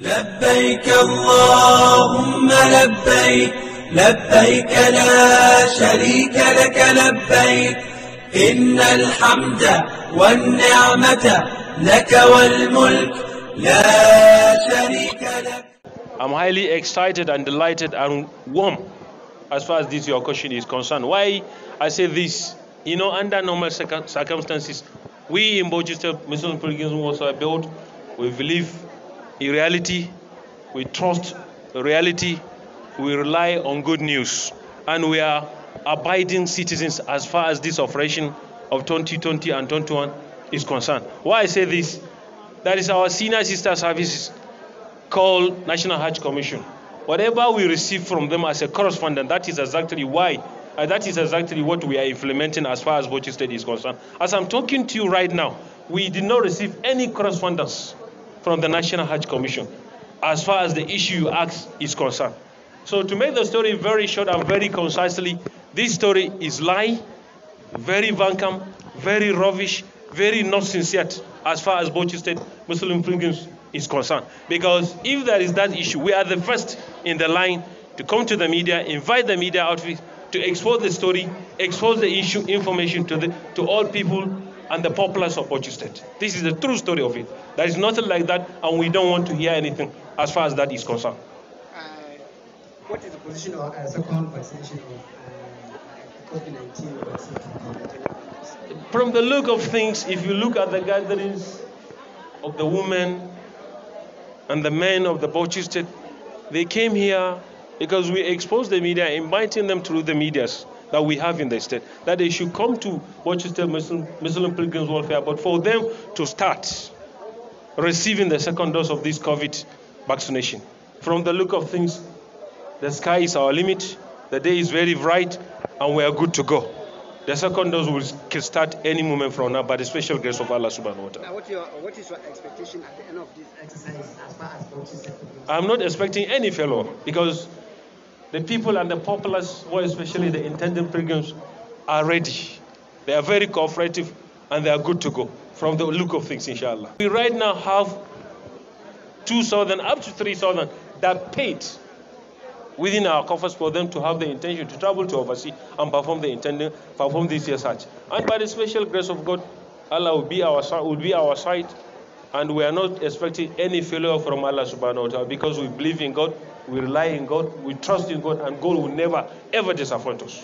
لبيك اللهم لبيك لبيك لا شريك لك لبيك إن الحمد والنعمة لك والملك لا شريك لك I'm highly excited and delighted and warm as far as this your question is concerned. Why I say this? You know, under normal circumstances, we in Bojista Muslim pilgrims also built. We believe in reality, we trust reality, we rely on good news, and we are abiding citizens as far as this operation of 2020 and 21 is concerned. Why I say this? That is our senior sister services called National Hajj Commission. Whatever we receive from them as a correspondent, that is exactly why, uh, that is exactly what we are implementing as far as Bochi State is concerned. As I'm talking to you right now, we did not receive any correspondence from the National Hajj Commission as far as the issue you ask is concerned. So to make the story very short and very concisely, this story is lie, very vankam, very rubbish, very not sincere as far as Bochi State Muslim pilgrims is concerned. Because if there is that issue, we are the first in the line to come to the media, invite the media outfit to expose the story, expose the issue, information to, the, to all people and the populace of you State. This is the true story of it. There is nothing like that, and we don't want to hear anything as far as that is concerned. Uh, what is the position uh, second vaccination of uh, COVID 19 From the look of things, if you look at the gatherings of the women and the men of the Bochi State, they came here because we exposed the media, inviting them through the medias that we have in the state, that they should come to Rochester Muslim, Muslim Pilgrims Welfare but for them to start receiving the second dose of this COVID vaccination. From the look of things, the sky is our limit, the day is very bright, and we are good to go. The second dose will start any moment from now by the special grace of Allah subhanahu wa ta'ala. what is your expectation at the end of this exercise as far as I'm not expecting any fellow because the people and the populace, or especially the intended pilgrims, are ready. They are very cooperative and they are good to go from the look of things, inshallah. We right now have 2,000 up to 3,000 that paid within our coffers for them to have the intention to travel to overseas and perform the intended perform this year's Hajj. And by the special grace of God, Allah will be our will be our side and we are not expecting any failure from Allah subhanahu wa ta'ala because we believe in God, we rely in God, we trust in God, and God will never ever disappoint us.